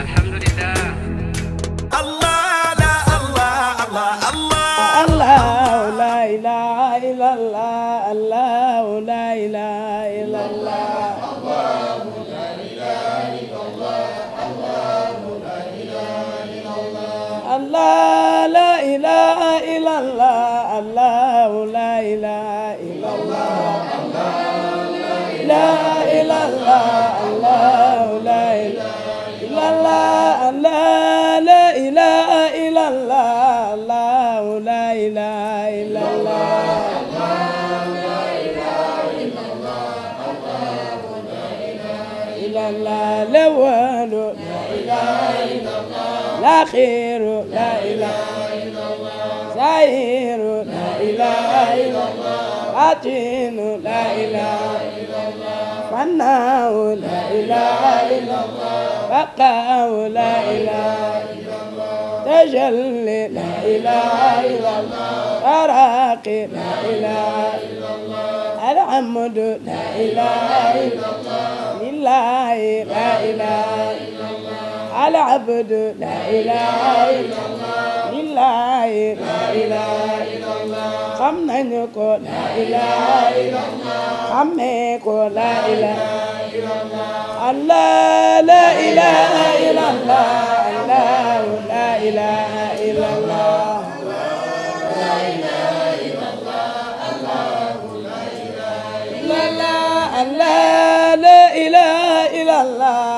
الحمد لله آخر لا إله إلا الله زاهر لا إله إلا الله باطن لا إله إلا الله فناء لا إله إلا الله بقاء لا إله إلا الله تجلي لا إله إلا الله أراقي لا إله إلا الله الحمد لا إله إلا الله لله لا إله إلا الله العبد لا إله إلا الله لله لا إله إلا الله xam nañu ko لا إله إلا الله xamee ko لا إله إلا الله الله لا إله إلا الله الله لا إله إلا الله الله لا إله إلا الله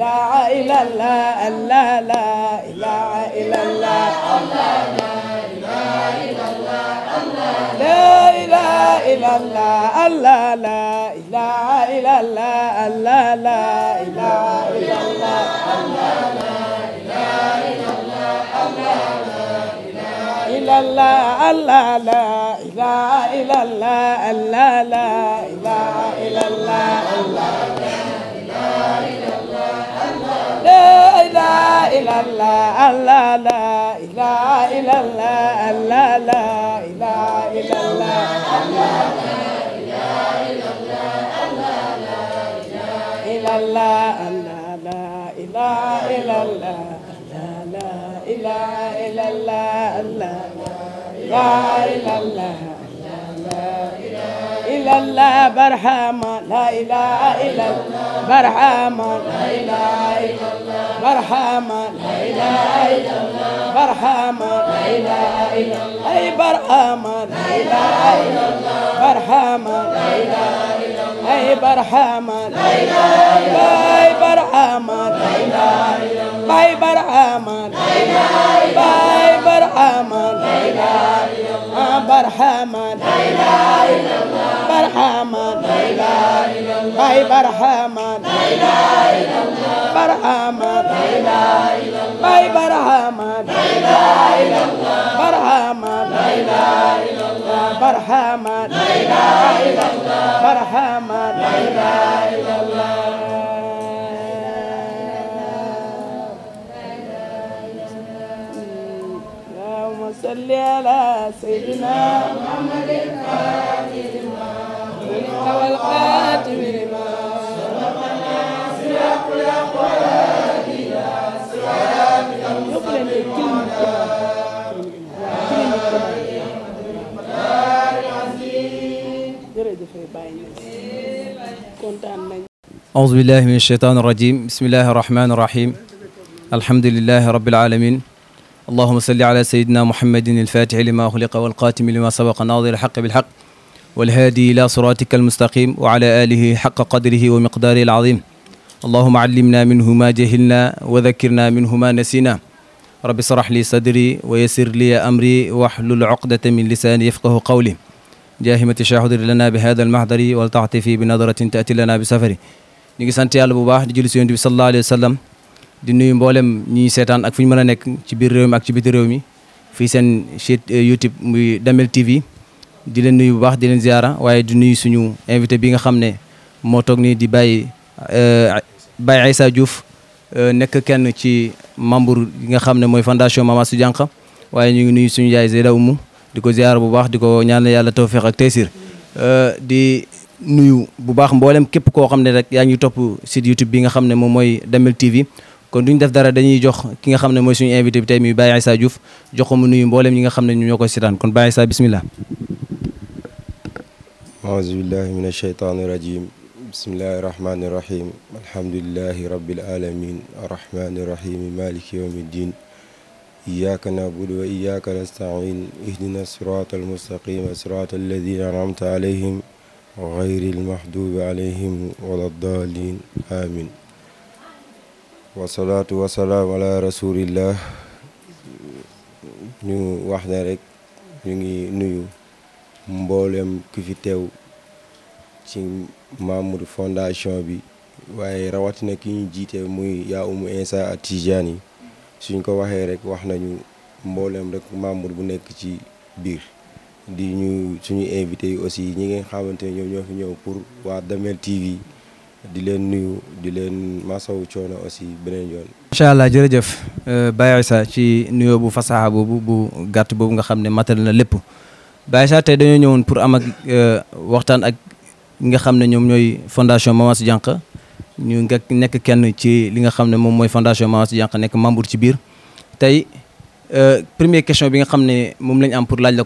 لا إله إلا الله الله لا إله إلا الله الله لا إله إلا الله الله لا إله إلا الله الله لا إله إلا الله لا إله إلا الله لا إله إلا الله الله إلا الله لا إله إلا الله لا إله إلا الله لا إله إلا الله لا اله الا الله لا إله إلا الله لا اله الا الله لا إله إلا الله لا اله الا الله لا إله إلا الله لا اله الا الله لا إله إلا الله لا اله الا الله لا إله إلا الله لا إله إلا الله لا اله الا الله لا إله إلا الله لا اله إلا الله لا اله الا الله لا إله إلا الله لا اله الا الله لا إله إلا الله الله الله الله الله الله الله الله الله الله الله الله الله الله لا لا لا لا لا لا لا لا لا لا لا لا اله اله اله الا الا الا الا الا الا الا الا الا الا الا الا الا برحمة لا إله إلا الله برحمة لا إله إلا الله أي برحمة لا إله إلا الله برحمة لا إله إلا الله أي برحمة لا إله إلا الله أي برحمة لا إله إلا الله أي برحمة لا إله إلا الله أي برحمة لا إله إلا الله برحمة لا إله إلا الله برحمة لا إله إلا الله أي برحمة لا إله إلا الله برهمان لا اله الا الله باي برهمان لا اله الا الله برهمان لا اله الا الله برهمان لا اله الا الله برهمان لا اله الا الله صل على سيدنا محمد الفاتح والقاتم أعوذ بالله من الشيطان الرجيم بسم الله الرحمن الرحيم الحمد لله رب العالمين اللهم صل على سيدنا محمد الفاتح لما خلق والقاتم لما سبق ناظر الحق بالحق والهادي إلى صراطك المستقيم وعلى آله حق قدره ومقداره العظيم اللهم علمنا منه ما جهلنا وذكرنا منه ما نسينا رب اشرح لي صدري ويسر لي أمري واحلل عقدة من لساني يفقه قولي جاهمة شاهد لنا بهذا المحضر ولتعطفي بنظرة تأتي لنا بسفري ñu ngi sant yàlla bu baax di julli si yonent bi sallallahu di nuyu mboolem ñu seetaan ak fu ñu mën a nekk ci biir réew mi ak mi fii seen chaîne euh, YouTube muy Damel TV di leen nuyu bu baax di leen ziara waaye di nuyu suñu invité bi nga xam ne moo toog nii di Baye euh, Baye Aïssa Diouf euh, nekk kenn ci membre yi nga xam ne mooy fondation Mama Soudianka waaye ñu ngi nuyu suñu yaay Zeyda Umu di ko ziara bu baax di ko ñaanal yàlla tawfiq ak taysir nuyu bu baax mbollem kep ko xamne rek yañu top site YouTube bi nga xamne mom moy mooy Damel TV kon duñ def dara dañuy jox ki nga xamne moy suñu invité bi tey muy Baye isa Diouf joxuma nuyu mbollem yi nga xamne ñu ñoko sitane kon Baye isa bismillah a'udhu billahi minash shaitani rajim bismillahi rahmaani rahim alhamdulilahi rabbil alamin arrahmaani rahim maliki yawmi ddin iyyaka na'budu wa iyyaka nasta'in ihdina siraatal mustaqima siraatal ladina an'amta alayhim غير المحدوب عليهم ولا الضالين آمين والصلاة والسلام على رسول الله ñu wax ne rek ñu ngi nuyu mboolem ki fi teew ci membre fondation bi waaye rawatina ki ñu jiite muy yaa umu insa at tijaan yi suñ ko waxee rek wax nañu mboolem rek membre bu nekk ci biir di ñu suñu invité yi aussi ñi nga xamante ne ñoom ñoo fi ñëw pour waa Damel TV di leen nuyu di leen masawu coono aussi beneen yoon. incha allah jërëjëf euh, Baye Issa ci nuyoo bu fasaha boobu bu gàtt boobu nga xam ne matal na lépp Baye Issa tey dañoo ñëwoon pour am ak euh, waxtaan ak nga xam ne ñoom ñooy fondation Mama Soodianka ñu nga nekk kenn ci li nga xam ne moom mooy fondation Mama Soodianka nekk membre ci biir tey euh, première question bi nga xam ne lañ am pour laaj la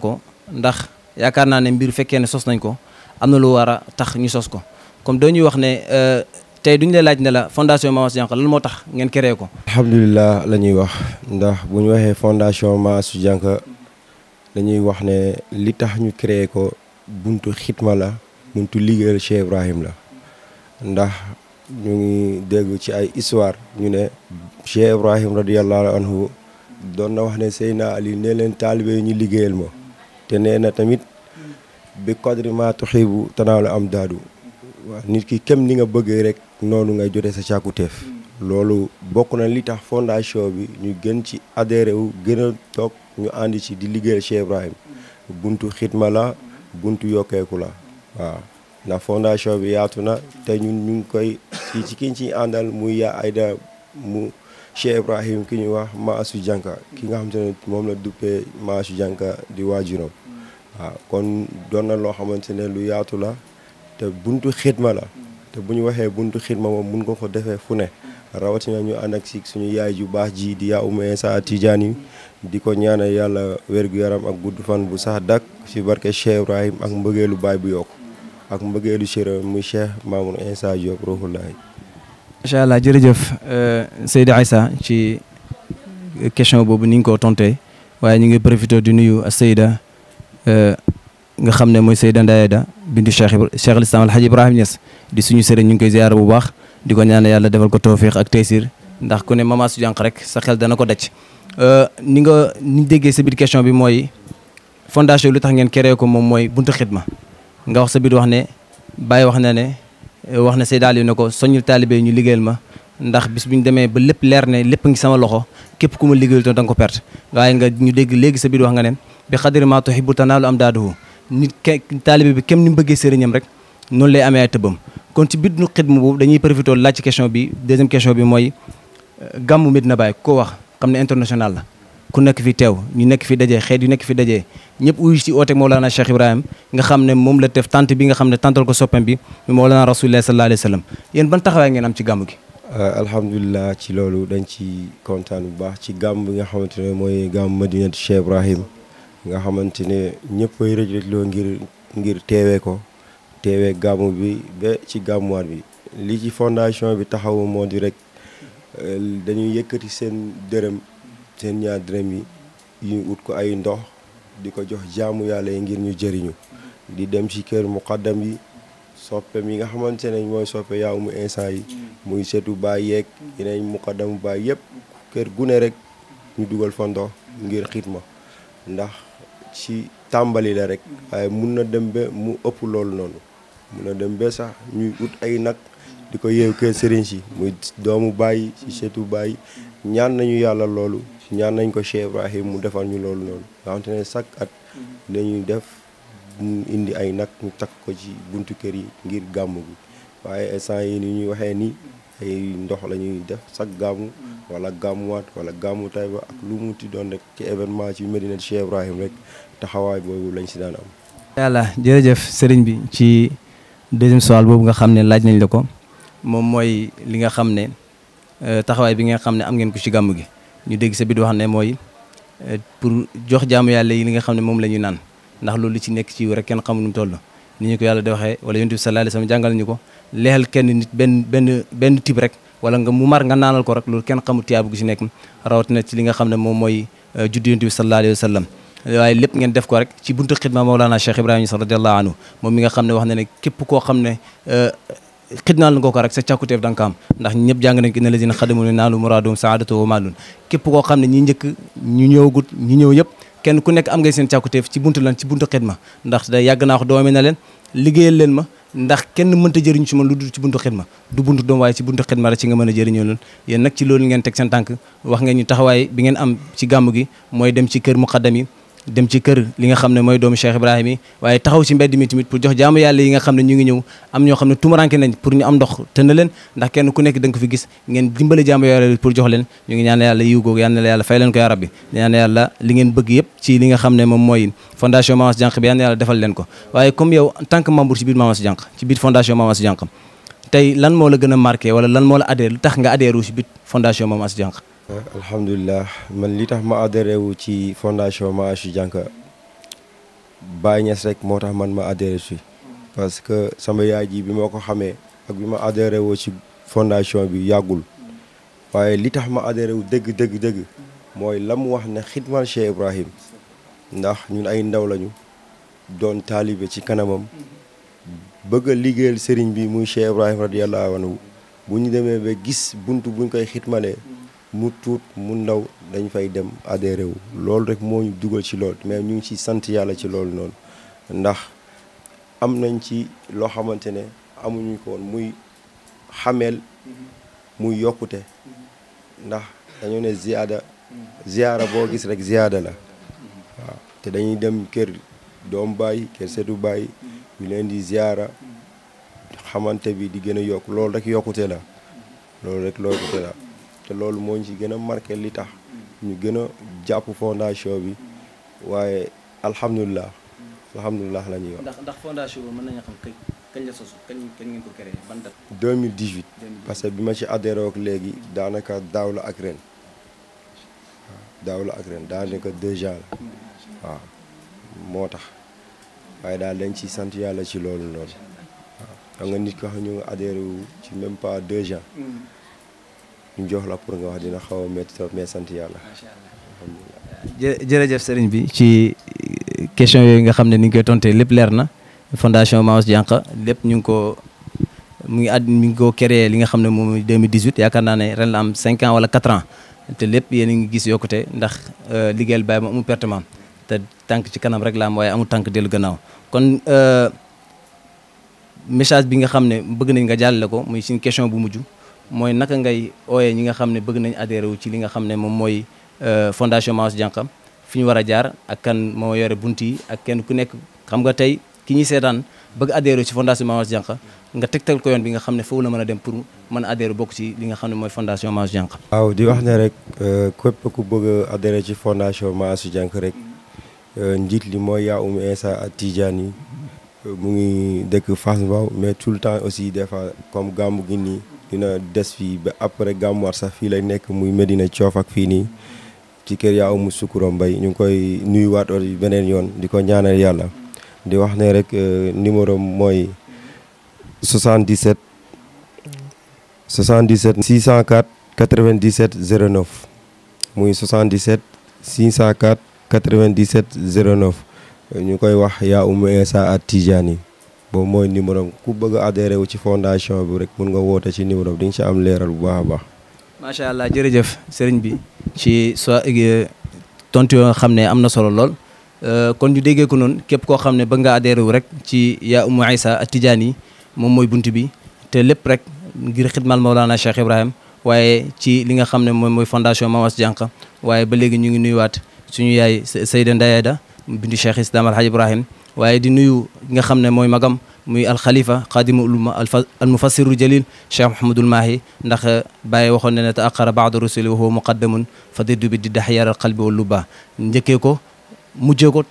ndax yaakaar naa ne mbir fekkee ne sos nañ ko am na lu war a tax ñu sos ko comme dañuy wax ne euh, tey duñu lay laaj ne la fondation Mame Astou Diankha lan moo tax ngeen créé ko. alhamdulilah la ñuy wax ndax bu ñu waxee fondation Mame Astou Diankha dañuy wax ne li tax ñu créé ko buntu xitma la buntu liggéeyal Cheikh Ibrahim la ndax ñu ngi dégg ci ay histoire ñu ne Cheikh Ibrahim radiyallahu anhu doon na wax ne sey na Ali ne leen taalibe ñu liggéeyal moo te nee na tamit bi qadri ma tuxibu tanaalu am daadu waaw nit ki kem ni nga bëggee rek noonu ngay jotee sa càkkuteef loolu bokk na li tax fondation bi ñu gën ci adhéré wu gën a toog ñu andi ci di liggéeyal Cheikh Ibrahim buntu xitma la buntu yokkeeku la waaw ndax fondation bi yaatu na te ñun ñu ngi koy ci ci kiñ ci àndal muy yaa ayda mu Cheikh Ibrahim ki ñuy wax Maasu Janka ki nga xam te ne moom la duppee Maasu Janka di waajuram waaw kon doon na loo xamante ne lu yaatu la te buntu xidma la te bu ñu waxee buntu xidma moom mun ko ko defee fu ne rawatina ñu ànd ak suñu yaay ju baax ji di yaa umee sa tijaan yi di ko ñaanal yàlla wér yaram ak gudd fan bu sax dak ci barke Cheikh Ibrahim ak mbëggeelu baay bu yokk ak mbëggeelu séeréer muy Cheikh Mamour Insa Diop Ruhullahi macha allah jërëjëf euh, Seydi Aïssa ci question boobu ni nga ko tontee waaye ñu ngi profité di nuyu Seyda euh, nga xam ne mooy Seyda Ndayeda bintu Cheikh Cheikh al-Islam Alhaji Ibrahim Niass di suñu sëriñ ñu ngi koy ziyaar bu baax di ko ñaan yàlla defal ko tawfiq ak taysir ndax ku ne mama su jànq rek sa xel dana ko daj euh, ni nga ni déggee sa biir question bi mooy fondation lu tax ngeen créé ko moom mooy bunt xidma nga wax sa wax ne bàyyi wax na wax na Seydou Aliou ne ko soññul taalibee ñu liggéeyal ma ndax bis bu ñu demee ba lépp leer ne lépp ngi sama loxo képp ku ma liggéeyal toon da nga ko perte waaye nga ñu dégg léegi sa biir wax nga ne bi xadri ma tuhibbu tanaalu am daaduhu nit ke taalibe bi kem ni mu bëggee sëriñam rek noonu lay amee ay tëbbam kon ci biir nu xidma boobu dañuy profité laaj ci question bi deuxième question bi mooy gàmmu Medina Baye koo wax xam ne international la ku nekk fi teew ñu nekk fi daje xeet yu nekk fi daje ñëpp uyu si oote Mawlana Cheikh Ibrahim nga xam ne moom la tef tant bi nga xam ne tantal ko soppam bi Mawlana Rasulullah sallallahu alayhi wa sallam yéen ban taxawaay ngeen am ci gàmm gi. Euh, alhamdulilah ci loolu dañ ci kontaan bu baax ci gàmm bi nga xamante ne mooy gàmm Madinatu Cheikh Ibrahim nga xamante ne ñëpp ay rëj rëj ngir teewee ko teewee gàmm bi ba ci gàmmuwaat bi. li ci fondation bi taxawu moo di rek euh, dañuy yëkkati seen dërëm. seen ñaar dërëm yi yu ut ko ay ndox di ko jox jaamu yàlla yi ngir ñu jëriñu di dem ci kër muqaddam yi soppe yi nga xamante ne mooy soppe yaaw mu instant yi muy setu baay yeeg yeneen muqaddamu baay yëpp kër gune rek ñu dugal fa ndox ngir ma ndax ci tàmbali la rek waaye mun na dem ba mu ëpp loolu noonu mun na dem ba sax ñuy ut ay nag di ko yeew kër sëriñ si muy doomu bàyyi ci setu baay ñaan nañu yàlla loolu ñaan nañ ko Cheikh Ibrahim mu defal ñu loolu loolu nga xamante ne chaque at mhm. dañuy def indi ay nag ñu takk ko ci buntu kër yi ngir gàmm gi waaye instant yi ni ñuy waxee ni ay ndox la ñuy def chaque gàmmu mhm. wala gàmmuwaat wala gàmmu Taïba ak lu mu doon rek ci événement ci Medina Cheikh Ibrahim rek taxawaay boobu lañ si daan am yàlla jërëjëf sëriñ bi ci deuxième soal boobu nga xam ne laaj nañ la ko moom mooy li nga xam ne euh, taxawaay bi nga xam ne am ngeen ko ci gàmm gi ñu dégg sa bit wax ne mooy euh, pour jox jaamu yàlla yi li nga xam ne moom la ñu naan ndax loolu ci nekk ci rek kenn xamul nu mu toll ni ñu ko yàlla di waxee wala yonent bi sallallahu alayhi wasallam jàngal ñu ko leexal kenn nit benn benn benn tib rek wala nga mu mar nga naanal ko rek loolu kenn xamul tiyaabu gi ci nekk rawatina ci li nga xam ne moom mooy euh, juddu yonent bi sallallahu alayhi wasallam waaye lépp ngeen def ko rek ci buntu xidma Mawlana Cheikh Ibrahima Niass radiyallahu anhu moom mi nga xam ne wax na ne koo xam euh, xidnaal nga ko rek sa càkkuteef da nga ko am ndax ñëpp jàng nañ ko inna lazina xadamu ne naalu muraadum koo xam ne ñi njëkk ñu ñëwagut ñu ñëw yëpp kenn ku nekk am ngay seen càkkuteef ci buntu lan ci buntu xidma ndax day yàgg naa wax doomi na leen liggéeyal leen ma ndax kenn mënta jëriñ ci lu dul ci buntu xidma du buntu doom waaye ci buntu xidma rek ci nga mën a jariñoo loolu yéen nag loolu ngeen teg seen tànk wax ngeen taxawaay bi ngeen am ci gàmm gi mooy dem ci kër muqaddam yi dem ci kër li nga xam ne mooy doomu Cheikh Ibrahima yi waaye taxaw si mbedd mi tamit pour jox jaamu yàlla yi nga xam ne ñu ngi ñëw am ñoo xam ne tumuranke nañ pour ñu am ndox tënd leen ndax kenn ku nekk da fi gis ngeen dimbale jaamu yàlla pour jox leen ñu ngi ñaan yàlla yiw googu yal na yàlla fay leen ko yaa rabbi ñaan yàlla li ngeen bëgg yëpp ci li nga xam ne moom mooy fondation Mamas Diankh bi yal na yàlla defal leen ko waaye comme yow en tant que membre ci biir Mamas moo la gën a marqué wala moo la tax nga adhéré ci biir fondation Mamas Diankh alhamdulilah man li tax ma adhéré wu ci fondation Ma Astou Diankha Baye Niass rek moo tax man ma adhéré si parce que sama yaay ji bi ma ko xamee ak bi ma adhéré woo ci fondation bi yàggul waaye li tax ma adhéré wu dëgg dëgg dëgg mooy la mu wax ne xidmal Cheikh Ibrahim ndax ñun ay ndaw lañu doon taalibe ci kanamam bëgg a liggéeyal sëriñ bi muy Cheikh Ibrahim radiyallahu bu ñu demee ba gis bunt buñ koy xitmalee mu tuut mu ndaw dañ fay dem adhéré wu loolu rek moo ñu dugal ci lool mais ñu ngi ci sant yàlla ci loolu noonu ndax am nañ ci loo xamante ne amuñu koon muy xameel muy yokkute ndax dañoo ne ziyaada ziyaara boo gis rek ziyaada la waaw te dañuy dem kër doom baay kër seetu baay ñu leen di ziyaara xamante bi di gën a yokk loolu rek yokkute la loolu rek yokkute la te loolu moo ñu ci gën a marqué li tax ñu gën a jàpp fondation bi waaye alhamdulilah alhamdulilah la ñuy wax. ndax fondation bi mën nañu xam kañ kañ la sosu kañ kañ ngeen ko créé ban date. 2018 parce que bi ma ci adhéré ak léegi daanaka daaw la ak ren daaw la ak ren daanaka déjà la waaw moo tax waaye daal dañ ci sant yàlla ci loolu noonu waaw xam nga nit ko xam ñu nga ci même pas deux ans. Mm. ñu jox la a métti trop sant yàlla. macha jërëjëf sëriñ bi ci euh, question yooyu nga xam ne ni ñu tonte lépp leer na fondation Maos Diankha lépp ñu ngi ko mu ngi at mi ngi ko créé li nga xam ne moom 2018 yaakaar naa ne ren am 5 ans wala 4 ans te lépp yéen a ngi gis yokkute ndax euh, liggéeyal bàyyi ma amul pertement te tànk ci kanam rek la am waaye amul tànk dellu gannaaw kon euh, message bi nga xam ne bëgg nañ nga jàllale ko muy suñu question bu mujj. mooy naka ngay ooyee ñi nga xam ne bëgg nañ adhéré wu ci li nga xam ne moom mooy euh, fondation Mass Diankha fi ñu war a jaar ak kan moo yore bunt yi ak kenn ku nekk xam nga tey ki ñu seetaan bëgg adhéré ci fondation Mass Diankha nga tegtal ko yoon bi nga xam ne foofu la mën a dem pour mën a adhéré bokk ci li nga xam ne mooy fondation Mass Diankha waaw di wax ne rek euh, këpp ku bëgg a adhéré ci fondation Mass Diankha rek euh, njiit li mooy yaa umu Insa ak Tidiane yi mu ngi dëkk Fass Mbaw mais tout le temps aussi des fois comme gàmmu gi nii dina des fii ba après gàmmuwaat sax fii lay nekk muy Medina Coof ak fii nii ci kër yaa umu sukuro mbay ñu ngi koy nuyuwaat beneen yoon di ko ñaanal yàlla di wax ne rek euh, numéro mooy 77 77 604 97 09 muy 77 604 97 09 ñu koy wax yaa umu Insa at Tijaani boobu mooy numéro ku bëgg a wu ci fondation bi rek mun nga woote ci numéro bi di nga ci am leeral bu baax a baax. macha allah jërëjëf sëriñ bi ci soo tontu yoo xam ne am na solo lool euh, kon ñu déggee ko képp koo xam ne bëgg nga adhéré rek ci yaa umu Aïssa Tijaan yi moom mooy bunt bi te lépp rek ngir xidmal Maulana Cheikh Ibrahim waaye ci li nga xam ne moom mooy fondation Mamas Dianka waaye ba léegi ñu ngi nuyuwaat suñu yaay Seyda Ndayeda bintu Cheikh Islam Alhaji Ibrahim waye di nuyu nga xamne moy magam muy al khalifa alxalifa al uluma almufassiru jalil cheikh al mahi ndax baye waxone ne ne ta aqara baada rusuli wa huwa muqaddam fa diddu bi di daxyaar al qalbi wal lubba njëkkee ko mujje ko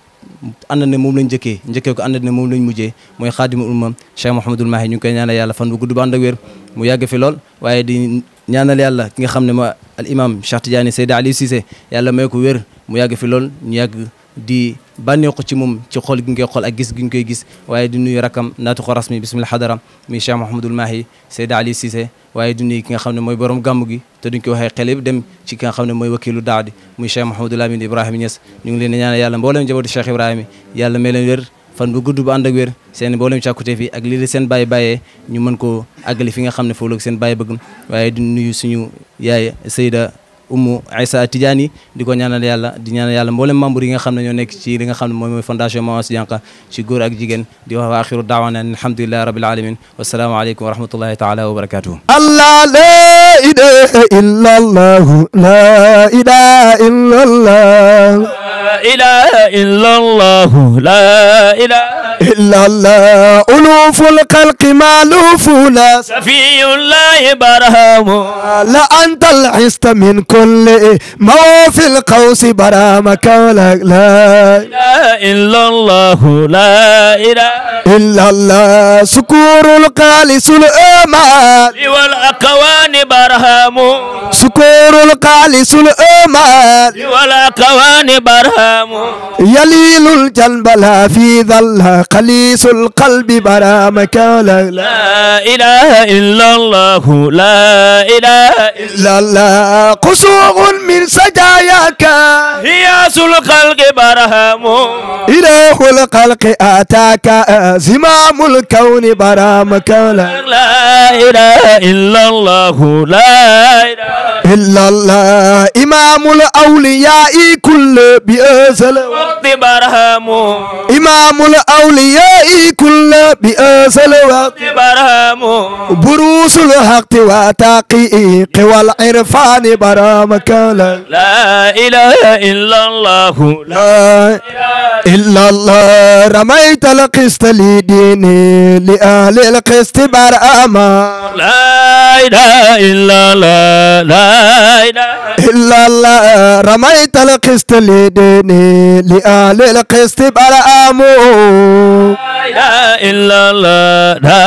ànd mom lañu lañ njëkkee ko ànd mom lañu mujje moy qadim al uluma cheikh al mahi ñu koy ñaanal yàlla fan bu gudd bu ànd ak wér mu yàgg fi lol waye di ñaanal yàlla ki nga xamne mo al imam cheikh tidiane seyda ali cissé yàlla may ko wér mu yàgg fi lol ñu yàgg di bànneexu ci moom ci xool gi nga xool ak gis gi nga koy gis waaye di nuyu rakam naatu ko rasmi bismil xadara mi Cheikh Mouhamadul Mahi Seyda Ali sise waaye di nuyu ki nga xam ne mooy borom gàmm gi te duñ ko waxee xel dem ci ki nga xam ne mooy wakiilu daa di muy Cheikh Mouhamadul Amin Ibrahima Niass ñu ngi leen di ñaanal yàlla mboolem njabootu Cheikh Ibrahima yàlla may leen wér fan bu gudd bu ànd ak wér seen mboolem càkkute fi ak lii seen bàyyi bàyyee ñu mën koo àggali fi nga xam ne foofu seen bàyyi bëgg waaye di nuyu suñu yaay Seyda Oumou Aïssa Tidiane di ko ñaanal yàlla di ñaanal yàlla mboolem membre yi nga xam ne ñoo nekk ci li nga xam ne moom mooy fondation Mame Astou Diankha ci góor ak jigéen di wax wa axiru daawana an alhamdulillahi rabbil alamin wasalaamu aleykum wa rahmatullahi taala wa barakatuhu allah la ilaha illa allah la ilaha illa allah la ilaha illa allah la ilaha إلا الله ألوف الخلق مألوفون سفي الله برهام لا أنت العست من كل ما في القوس برامك ولا لا إله إلا الله لا إله إلا الله سكور القالس الأمان والأكوان برهام سكور القالس الأمان والأكوان برهام يليل الجنب لا في ذلها خليص القلب برا مكان لا إله إلا الله لا إله إلا الله قصوغ من سجاياك هي الخلق برهام إله الخلق آتاك زمام الكون برا مكان لا إله إلا الله لا إله إلا الله إمام الأولياء كل بأزل وقت برهام إمام الأولياء أوليائي كل بأس الوقت برامو بروس الحق وتقيق والعرفان برامك لا إله إلا الله لا إلا الله رميت القسط لديني لأهل القسط برام لا إله إلا الله لا إله إلا الله رميت القسط لديني لأهل القسط برأمو لا إلا الله لا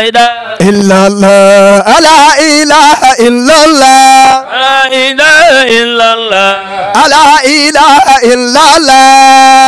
إله إلا الله لا إله إلا الله لا إله إلا الله لا إله إلا الله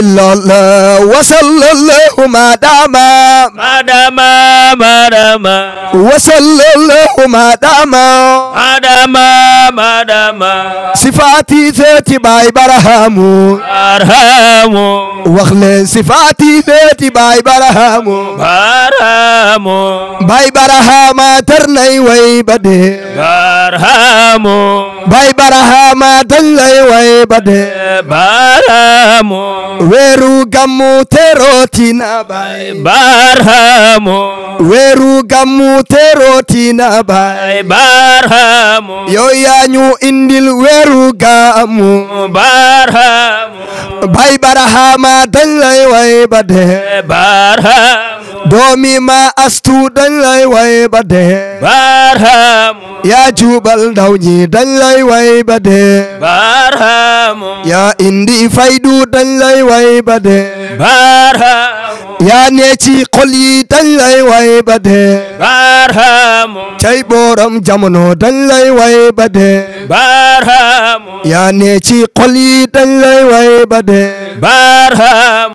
إلا الله وصلى الله ما دام ما دام ما دام وصلى الله ما دام ما دام ما دام صفاتي ذاتي باي برهام برهام وخل صفاتي ذاتي باي برهام برهام باي برهام ترني وي بدي برهام باي برهام دلي وي بدي برهام barhamo weeru gammu terootina bay barhamo weeru gammu terootina bay barhamo yo yaa indil weeru gammu barhamo bay barahama way ba dee barhamo ma astu dañ lay way ba yaa jubal ndaw ñi dañ way ba yaa indi faydu xolu dañ lay way ba yaa ne ci xol yi dañ lay way ba dee barhamu cay booram jamono dañ lay way ba dee barhamu xol yi dañ lay